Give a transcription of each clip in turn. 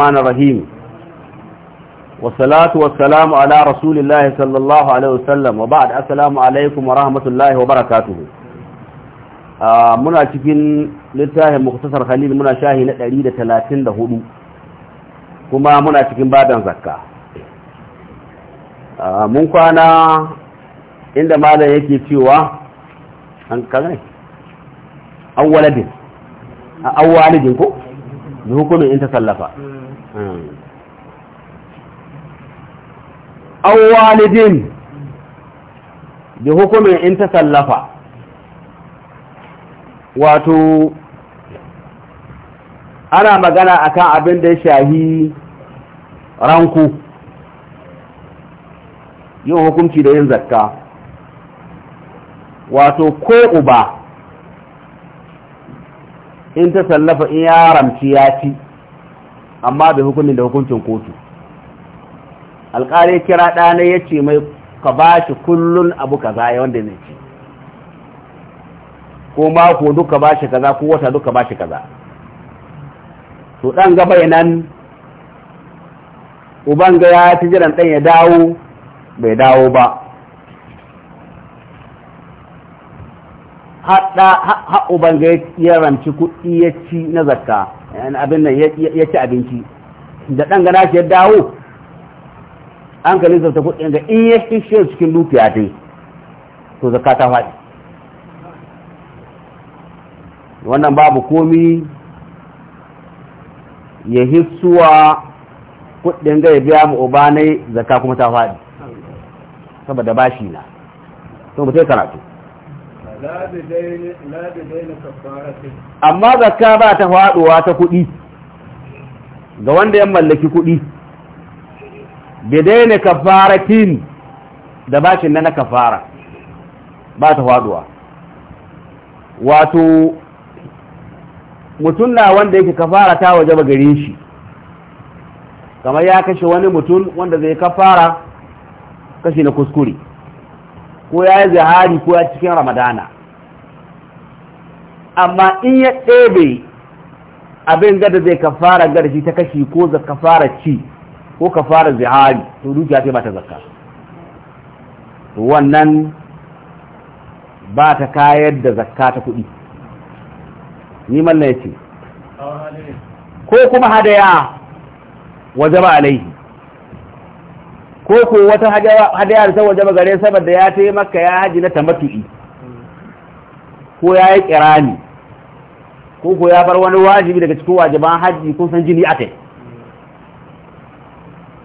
الرحمن الرحيم والصلاة والسلام على رسول الله صلى الله عليه وسلم وبعد السلام عليكم ورحمة الله وبركاته muna cikin littafin muktasar khalil muna shahi na 134 kuma muna cikin badan zakka ah, mun kwana inda malam yake cewa an waladin ah, walidin ko da hukumin in ta sallafa An walidin da hukumin in ta tasallafa wato ana magana akan abin da ya shahi ranku yin hukunci da yin zakka wato ko uba in ta sallafa in ya ramci ya ci amma bai hukumin da hukuncin kotu alƙari kira ɗana ya ce mai ka ba shi kullun abu kaza ya wanda zai ci ko mako duka ba shi kaza ko wata duka ba shi kaza to ɗan gaba nan uban ga ya fi jiran ɗan ya dawo bai dawo ba haɗa uban ga ya ramci kuɗi ya ci na zakka yan abin nan ya ci abinci da ɗan gana shi ya dawo an ka ta kudin ga in ya ishe cikin dukiya dai to zakka ta faɗi wannan babu komi ya hissuwa kudin ga ya biya mu ubanai zaka kuma ta faɗi saboda bashi na to mutai karatu amma zakka ba ta faɗuwa ta kuɗi ga wanda ya mallaki kuɗi bidaina kafaratin da bashin na na kafara ba ta faɗuwa wato mutum na wanda yake kafara ta waje ba gare shi kamar ya kashe wani mutum wanda zai kafara kashi na kuskure ko ya yi zahari ko ya cikin ramadana amma in ya ɗebe abin gada zai kafara garshi ta kashi ko za kafara ci ko kafara zihari to dukiya ya ba ta zakka wannan ba ta kayar da zakka ta kuɗi ni mallan ya ce ko kuma hadaya waje ba alaihi ko ko wata hadaya ta waje gare saboda ya ta maka ya haji na matuɗi? ko ya yi kirani ko ko ya bar wani wajibi daga cikin wajiban haji ko san jini a kai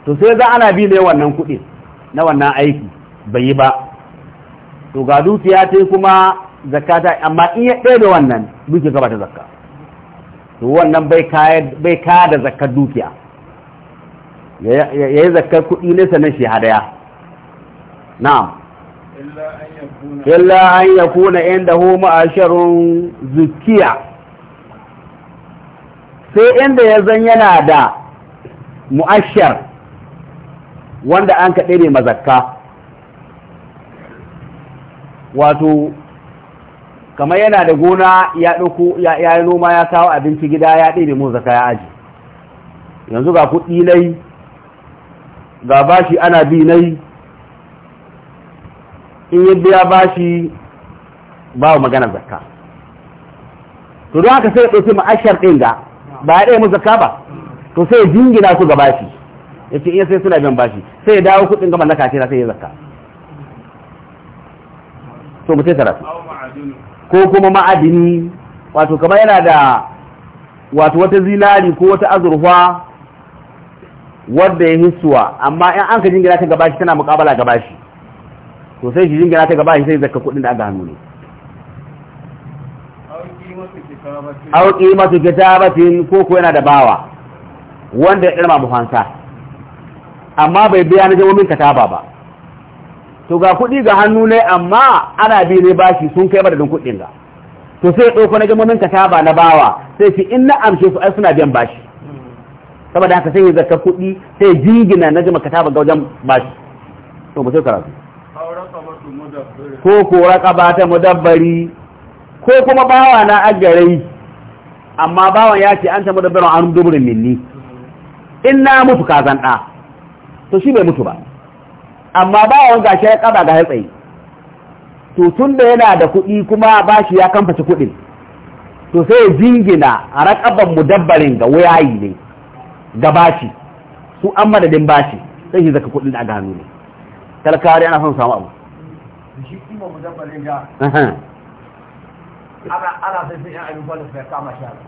to sai za ana bi ne wannan kuɗi na wannan aiki bai yi ba to ga dukiya ta kuma zakata amma in ya ɗaya da wannan dukiya gaba ta zakka to wannan bai kaya da zakkar dukiya ya yi zakar kuɗi ne sannan shi hadaya na'am illa an ya kuna inda hu ma'asharun zukiya sai inda ya zan yana da mu'ashar wanda an kaɗe ne mazakka wato kamar yana da gona ya ɗauko ya yi noma ya kawo abinci gida ya ɗebe mu zaka ya aji yanzu ga kuɗi nai ga bashi ana bi yi in yi biya bashi ba magana zakka to don haka sai ya ɗauki ma'ashar ɗin ga ba ya ɗaya mu zakka ba to sai ya jingina su ga bashi ya ce iya sai suna biyan bashi sai ya dawo kuɗin na mallaka na sai ya zakka to mu sai tarafi ko kuma ma'adini wato kamar yana da wato wata zinari ko wata azurfa wadda ya hisuwa amma in an ka jingina ta gabashi tana mukabala gabashi to sai shi jingina ta gabashi sai zakka kudin da aka hannu ne auki masu kitabatin ko ko yana da bawa wanda ya dirma muhansa amma bai biya na jamomin kataba ba to ga kuɗi ga hannu ne amma ana bi ne bashi sun kai madadin kuɗin ga to sai ɗauko na jamomin kataba na bawa sai fi in na amshe su ai suna biyan bashi saboda haka sai ya zaka kuɗi sai jingina na jima kataba ga wajen bashi to ba sai karatu ko ko raqaba ta mudabbari ko kuma bawa na agarai amma bawan ya ce an ta mudabbarin an duburin minni in na mutu ka zan da to shi bai mutu ba amma bawan ga shi ya kaba ga hatsayi to tun da yana da kuɗi kuma bashi ya kamfaci kuɗin to sai ya jingina a raƙaban mudabbarin ga wayayi ne ga bashi su an madadin bashi sai shi zaka kudin da aka hannu ne talakawa ana son samu abu shi kuma ana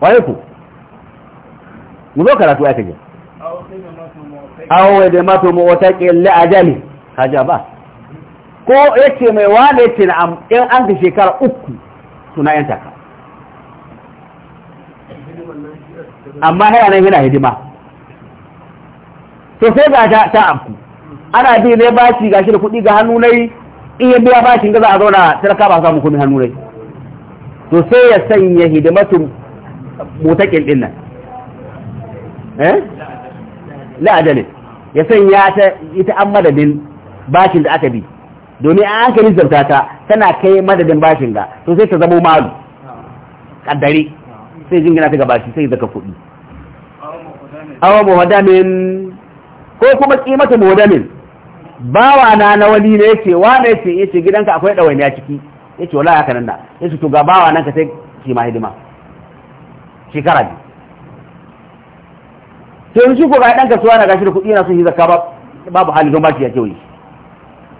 ana wai ku mu zo karatu aka je awo da mato mu wata a ajali haja ba ko yake mai wane ce na am an ga shekara uku suna yan taka amma haya yana hidima to sai ga ta ta afku ana bi ne shi gashi da kuɗi ga hannu nai in ya biya shi ga za a zauna talaka ba samu komai hannu nai to sai ya sanya hidimatu mutakin din nan eh la adalin ya sanya ta ita an madadin bashin da aka bi domin an aka rizarta ta tana kai madadin bashin ga to sai ta zamo malu kaddare sai jingina ta ga bashi sai zaka kuɗi awa muhadamin ko kuma kimata modamin bawa na na wani ne yace ne yace yace gidanka akwai a ciki yace wala haka nan da yace to ga bawa nan ka sai ki ma hidima shekara biyu to yanzu ko ga dan kasuwa na gashi da kuɗi yana son yi zakka babu hali don bashi ya ce wai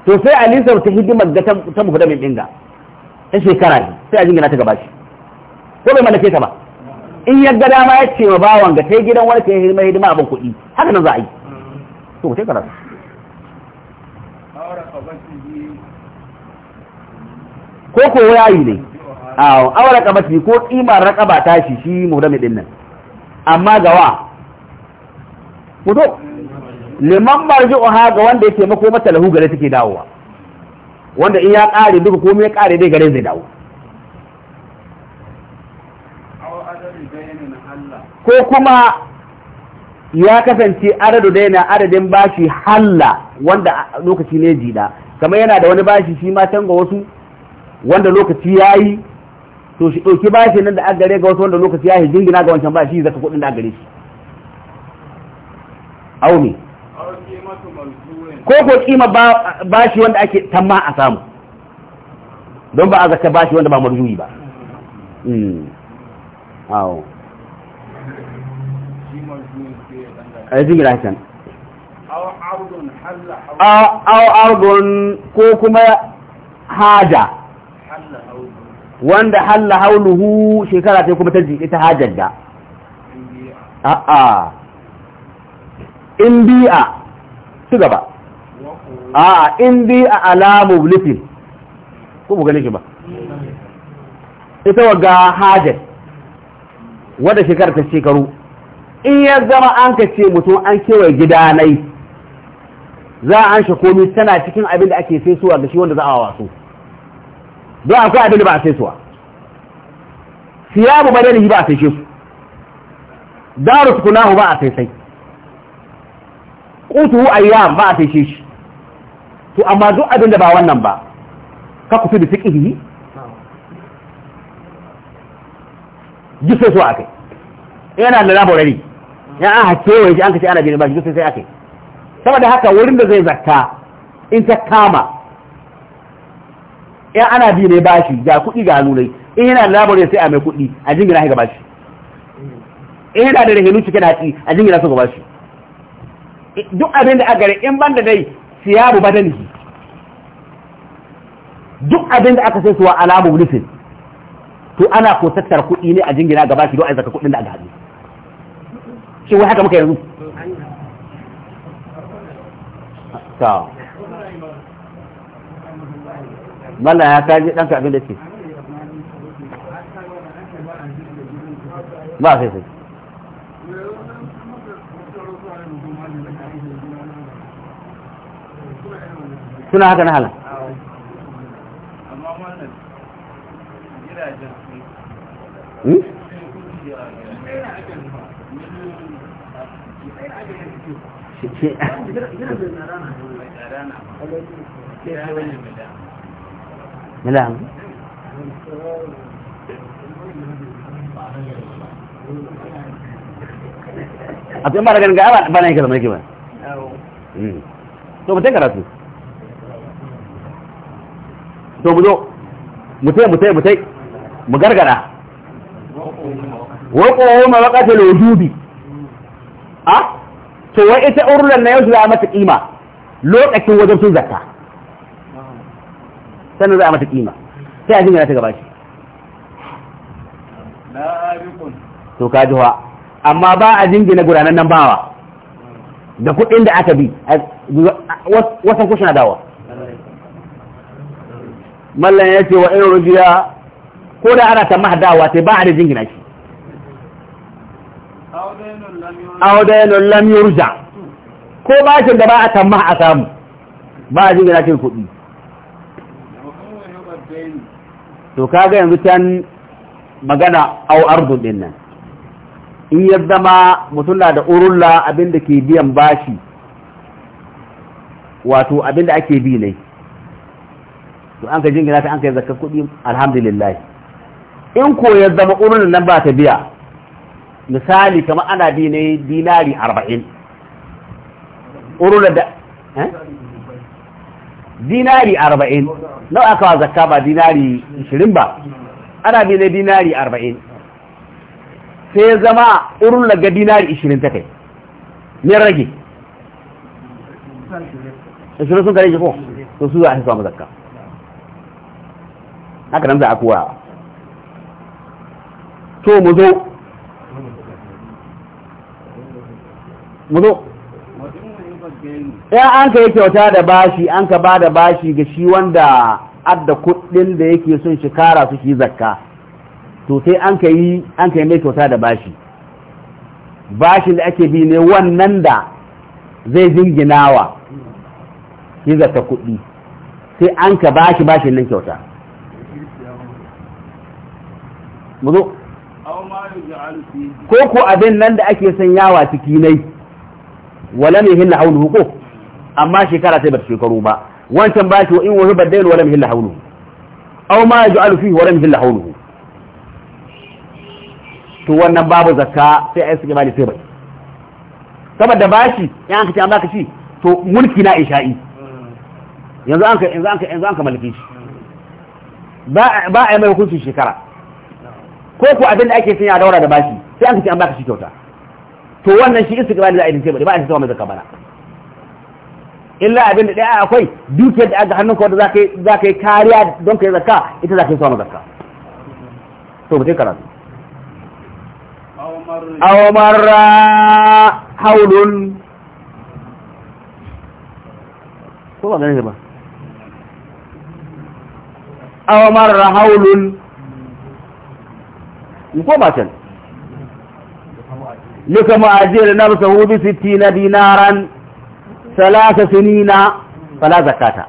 to sai a lisa ta hidimar ga ta mu hudamin dinga sai shekara biyu sai a jingina ta gaba shi ko bai mallake ta ba in ya ga dama ya ce wa bawan ga ta gidan wani ka yi hidima hidima abin kuɗi haka nan za a yi to ce karatu ko ko yayi ne awo awara kabati ko kimar rakaba ta shi shi muhdami din nan amma gawa mutu liman marji'uha ga wanda yake mako mata lahu gare take dawowa wanda in ya kare duka komai ya kare dai gare zai dawo ko kuma ya kasance adadu da yana adadin bashi halla wanda lokaci ne jida kama yana da wani bashi shi ma ga wasu wanda lokaci ya yi to shi ɗauki bashi nan da agare gare ga wasu wanda lokaci ya yi jingina ga wancan bashi zaka kuɗin da agare gare shi auni ko ko kima bashi wanda ake tamma a samu don ba a zaka bashi wanda ba marjuyi ba hmm. awo arziki rahisan aw ardun ko kuma haja wanda halla hauluhu shekara ta kuma ta jiki ta hajar da a'a in bi'a su gaba a'a in bi'a alamu lifin ko bu gane shi ba ita waga hajar wadda shekara ta shekaru in ya zama an ka ce mutum an kewaye gidanai za a an komi tana cikin abin da ake sai suwa ga shi wanda za a wasu don akwai abin da ba a sai suwa siyabu badalihi ba a sai su daru tukunahu ba a sai sai qutuhu ayyam ba a sai shi to amma duk abin da ba wannan ba ka ku fi da fiqhi ji sai su kai. yana da labarari ya aka kewaye shi an ka ce ana biyan bashi duk sai aka yi saboda haka wurin da zai zakka in ta kama ya ana bi ne bashi ga kuɗi ga nunai in yana da labarai sai a mai kuɗi a jingina ga bashi in yana da rahilu cikin haƙi a jingina su ga bashi duk abin da aka gare in ban da dai siyabu nufi duk abin da aka sai suwa alamu nufin to ana ko tattara kuɗi ne a jingina ga bashi don a zaka kuɗin da aka haɗu shi wai haka muka yanzu ta mala ya kaji ɗanka abin da ce ba sai sai suna haka na halin amma wannan gidajen نعم a tun ba da ganin ba na yi kalmar yake ba hmm. to mutai karatu to mu zo mutai mutai mutai mu gargada mawaƙa ma wakata lojubi a ah? to wai ita urlan na yau za mata kima lokacin wajen sun zakka sannan za a mata kima sai a jingina ta gaba shi to ka jiwa amma ba a jingina gudanar nan bawa da kuɗin da aka bi wasan na dawa mallan ya ce wa irin rujiya ko da ana ta mahadawa sai ba a da jingina shi aw daynun lam yurja ko bashin da ba a tamma a samu ba a jingina cin kuɗi to kaga yanzu can magana au ardun din nan in ya zama mutum na da urulla abinda ke biyan bashi wato abinda ake bi ne to an ka jingina ta an ka yi zakar kuɗi alhamdulillah in ko ya zama urulla nan ba ta biya misali kamar ana bi ne dinari arba'in urula da eh? dinari arba'in nau aka wa zakka ba dinari ishirin ba ana bi ne dinari arba'in sai zama urula ga dinari ishirin ta kai ne rage ishirin sun kare ko to su za a hisa mu zakka haka nan za a kowa to mu zo muzo ya eh, an ka yi kyauta da bashi an ka ba da bashi ga shi wanda adda kudin da yake son shi kara su shi zakka to sai an ka yi an ka yi mai kyauta da bashi bashin da ake bi ne wannan da zai jinginawa shi zakka kudi sai an ka bashi bashin nan kyauta ko ku abin nan da ake sanyawa ciki nai wala mai hinna haulu ko amma shekara sai ba shekaru ba wancan ba shi in wani baddain wala mai hinna haulu aw ma yaj'alu fihi wala mai hinna haulu to wannan babu zakka sai a ai suke bani sai bai saboda bashi in an kace an baka shi to mulki na isha'i yanzu an ka yanzu an ka yanzu an ka malaki shi ba a yi mai hukuncin shekara ko ko abin da ake sanya daura da bashi sai an kace an baka shi kyauta to wannan shi istiqbal da aidin tebari ba a tsawa mai zakka bana illa abin da daya akwai duke da aka hannun wanda za ka yi kariya don ka yi zakka ita za ka yi tsawa mai zakka to ba sai karatu aw marra haulun ko ba ne ba aw marra haulun ko ba can لكم أجير نفسه بستين دينارا ثلاث سنين فلا زكاة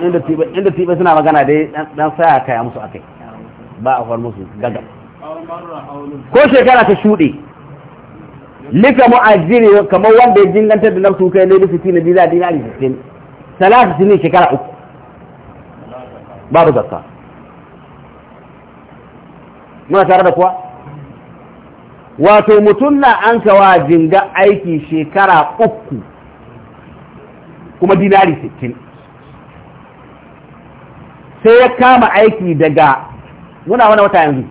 inda tibe suna magana dai ɗan saya kaya musu akai ba a musu gaga ko shekara ta shuɗe lika mu'ajiri kamar wanda ya jingantar da nafsu kai ne da 60 shekara babu zakka muna tare da kuwa wato mutum na an kawa jinga aiki shekara uku kuma dinari sittin, sai ya kama aiki daga muna wani wata yanzu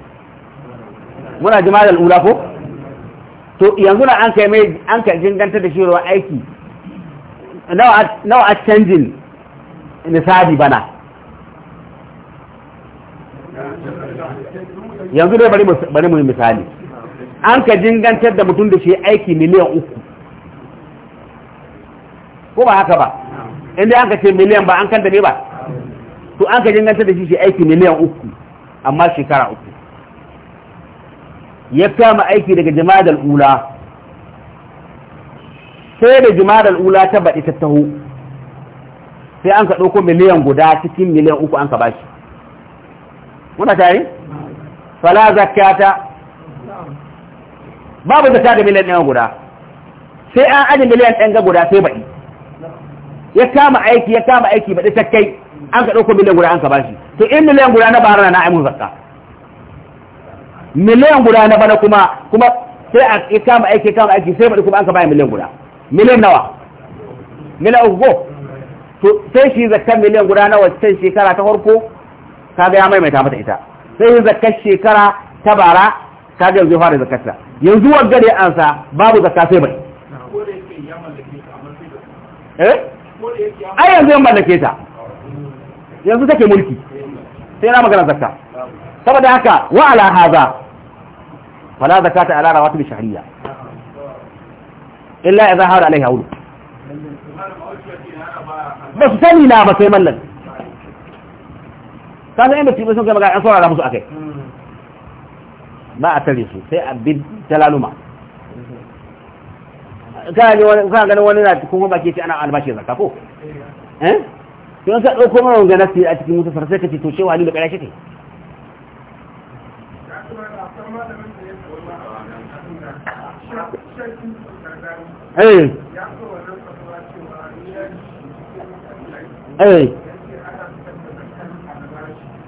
muna jima'ar al'ula ko? to yanzu na an kai mai an kai jinganta da shirwa aiki nawa a canjin nisabi bana yanzu dai bari mu misali an ka jingantar da mutum da shi aiki miliyan uku ko ba haka ba inda an ka ce miliyan ba an kan da ne ba to an ka jingantar da shi shi aiki miliyan uku amma shekara uku ya kama aiki daga jama'ar ula sai da jama'ar ula ta baɗi ta taho sai an ka ɗauko miliyan guda cikin miliyan uku an ka bashi muna tare fala zakata babu da da miliyan ɗaya guda sai an aji miliyan ɗaya ga guda sai baɗi ya kama aiki ya kama aiki baɗi ta kai an ka ɗauko miliyan guda an ka bashi to in miliyan guda na bara na aimu zakka miliyan guda na bana kuma kuma sai a ya kama aiki ya kama aiki sai baɗi kuma an ka bayan miliyan guda miliyan nawa miliyan uku ko to sai shi zakka miliyan guda nawa sai shekara ta farko kaga ya maimaita mata ita sai yin zakar shekara ta bara ta ga yanzu fara zakarta yanzu wagga da ansa babu zakka sai bai eh? ai yanzu yan mallake ta yanzu take mulki sai na magana zakka saboda haka wa ala hadha fala zakata ala rawatib shahriya illa idha hawala alaiha wulu ba su sani na ba sai mallan ka san inda tibe sun kai magana an saurara musu akai hmm. ba a tare su sai abin talaluma kana ne wani ganin wani na cikin ba ke ce ana albashi zakka ko eh, eh? to an ka dauko mana wanga nasi a cikin musu sai ka ce to cewa ni da karashi ke Hey. Eh. Eh. Hey.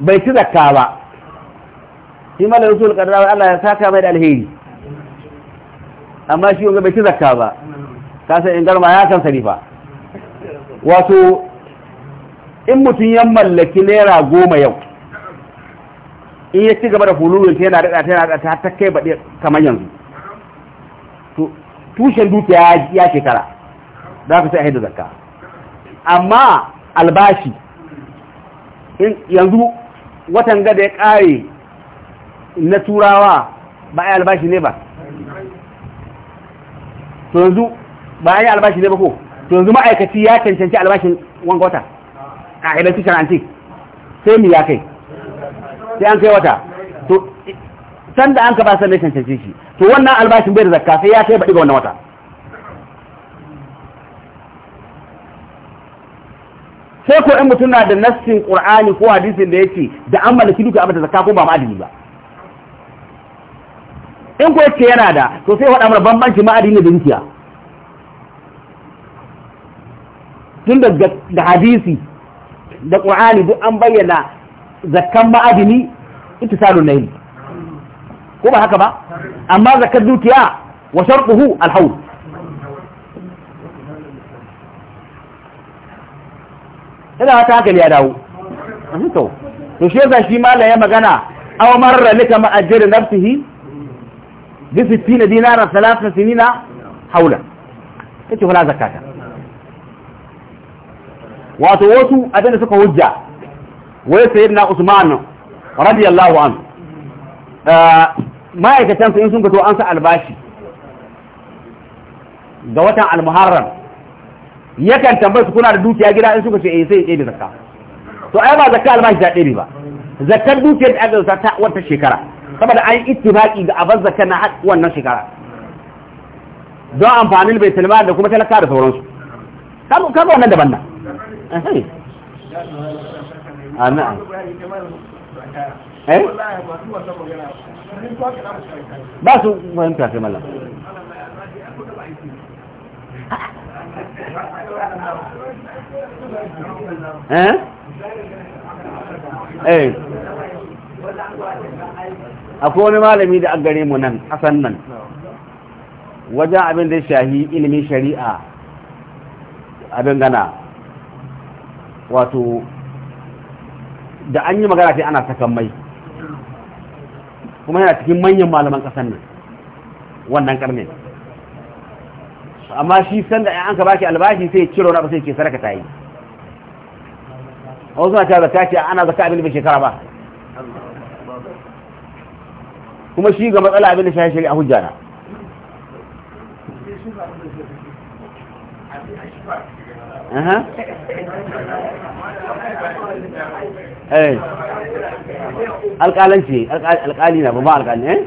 bai ci zakka ba shi mala rasul wa Allah ya saka mai da alheri amma shi yau bai ci zakka ba kasa in garma ya san sarifa wato in mutum ya mallaki naira goma yau in ya ci gaba da hululun ta yana daɗa ta yana daɗa ta kai baɗe kamar yanzu tushen dukiya ya shekara za ka sai a haida zakka amma albashi yanzu watan gada ya ƙare na turawa ba a yi albashi ne ba to yanzu ba a yi albashi ne ba ko to yanzu ma'aikaci ya cancanci albashin wanga wata a idan su antik sai mu ya kai sai an kai wata to sanda an ka ba sanda cancanci shi to wannan albashin bai da zakka sai ya kai ba ga wannan wata sai ko in mutum na da nassin qur'ani ko hadisin da yake da an mallaki duka abin da zakka ko ba ma'adini ba in ko yake yana da to sai faɗa mana bambanci ma'adini da dukiya tun da hadisi da qur'ani duk an bayyana zakkan ita ittisalun nail ko ba haka ba amma zakkar dukiya wa sharquhu al-hawl yana haka hankali ya dawo to to shi yasa shi ya magana aw marra lika ma nafsihi bi 60 dinara 30 sinina haula kace wala zakata wato wasu abinda suka hujja wai sayyidina usman radiyallahu anhu eh, ma'aikatan su in sun fito an sa albashi ga watan al-muharram yakan tambayar su kuna da dukiya gida in suka ce eh sai ɗaya da zakka to ai ba zakka albashi ta ɗaya ba zakkar dukiyar da aka zata wata shekara saboda an ittifaqi ga abar zakka na wannan shekara don amfanin bai tilma da kuma talaka da sauransu kaga kaga wannan daban nan eh, eh. eh? ba su fahimta sai mallam akwai wani malami da gare mu nan asan nan wajen abin da shahi ilimin shari'a abin gana wato da an yi magana sai ana sakan mai kuma yana cikin manyan malaman kasan nan wannan karnin amma shi sanda an ka baki albashi sai ya ciro na ba sai ke saraka ta yi a wasu mata zaka ce ana zaka abin da shekara ba kuma shi ga matsala abin da shi shari'a hujja na eh. alƙalanci alƙali na ba ba alƙali eh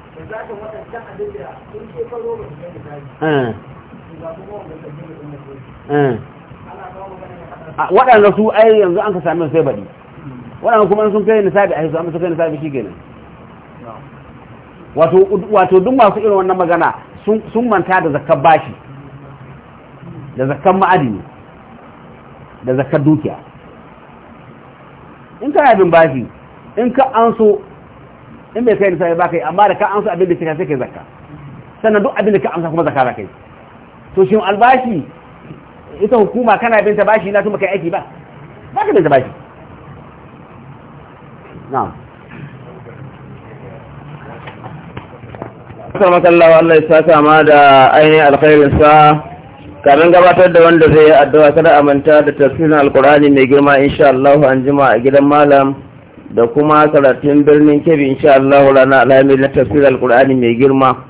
waɗanda su ai yanzu an ka sami sai baɗi waɗanda kuma sun kai nisabi a hisu amma sun kai nisabi shi gina wato duk masu irin wannan magana sun manta da zakar bashi da zakar ma'adini da zakar dukiya in ka yabin bashi in ka an so in bai sai nisabi ba kai amma da ka amsa abin da kika sai kai zakka sannan duk abin da ka amsa kuma zakka za kai to shin albashi ita hukuma kana bin ta bashi na kuma kai aiki ba ba ka bin ta bashi na'am Assalamu alaikum Allah ya saka ma da ainihin alkhairin sa kamin gabatar da wanda zai yi addu'a kada amanta da tafsirin alkurani mai girma insha Allah an jima a gidan malam da kuma karatun birnin kebe insha Allah rana alamin na tafsir alkur'ani mai girma